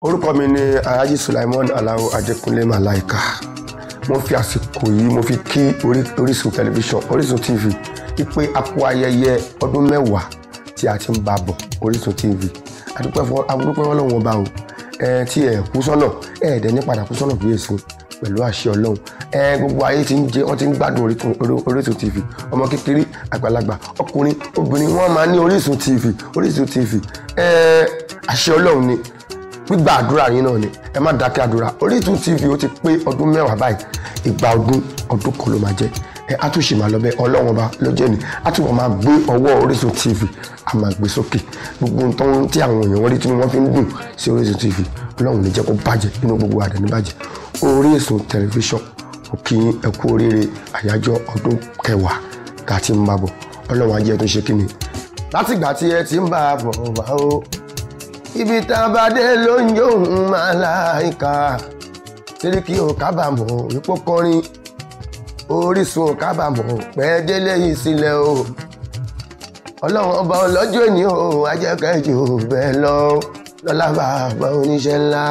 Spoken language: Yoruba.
orúkọ mi ni alhaji sulaimon alao adekunle malaika mo fi àsìkò yìí mo fi kí orísun tẹlifíṣàn orísun tv ipe àpò ayẹyẹ ọdún mẹ́wàá tí a ti ń bá bọ̀ orísun tv adúpẹ́ fún adúpẹ́ fún ọlọ́run ọba o ẹ tí ẹ kú sọ́nà ẹ ẹ̀dẹ̀ ní padà kú sọ́nà bí èsì pẹ̀lú àṣẹ ọlọ́run ẹ gbogbo ayé ti ń jẹ wọ́n ti ń gbádùn orísun tv ọmọ kékeré àgbàlagbà ọkùnrin obìnrin wọ́n máa ní orísun tv orísun tv ẹ àṣẹ ọlọ́run ni gbígba àdúrà yín náà ni ẹ má dákẹ́ àdúrà Orísun TV ó ti pé ọdún mẹ́wàá báyìí ìgbà ọdún ọdún kan ló máa jẹ́ ẹ á tún ṣì máa lọ bẹ ọlọ́wọ́n bá lọ́jọ́ ni á máa gbé ọwọ́ Orísun TV á máa gbé sókè gbogbo nǹkan tí àwọn èèyàn wọlé tí wọ́n fi ń dùn sí Orísun TV ọlọ́run ní jẹ́ kó bàjẹ́ nínú gbogbo àdá ní bàjẹ́ Orísun tẹlifíṣọ̀n ó kí ẹ kú oríire àyájọ́ ọdún kẹwàá tá a ti ń bá bọ̀ ọlọ́run á jẹ́ tó ẹ ti ń bá a ibi tá a bá dé ló ń jó òun máa láìka Sẹ́ríkì ò kábàámọ̀ ipò kọrin Orísun ò kábàámọ̀ pẹ́ délé yìí sílẹ̀ o ọlọ́run ọba ọlọ́jọ́ ènìyàn ajẹ́kẹ́jì ò bẹ́ẹ̀ lọ lọ́lá bàbá oníṣẹ́ ńlá.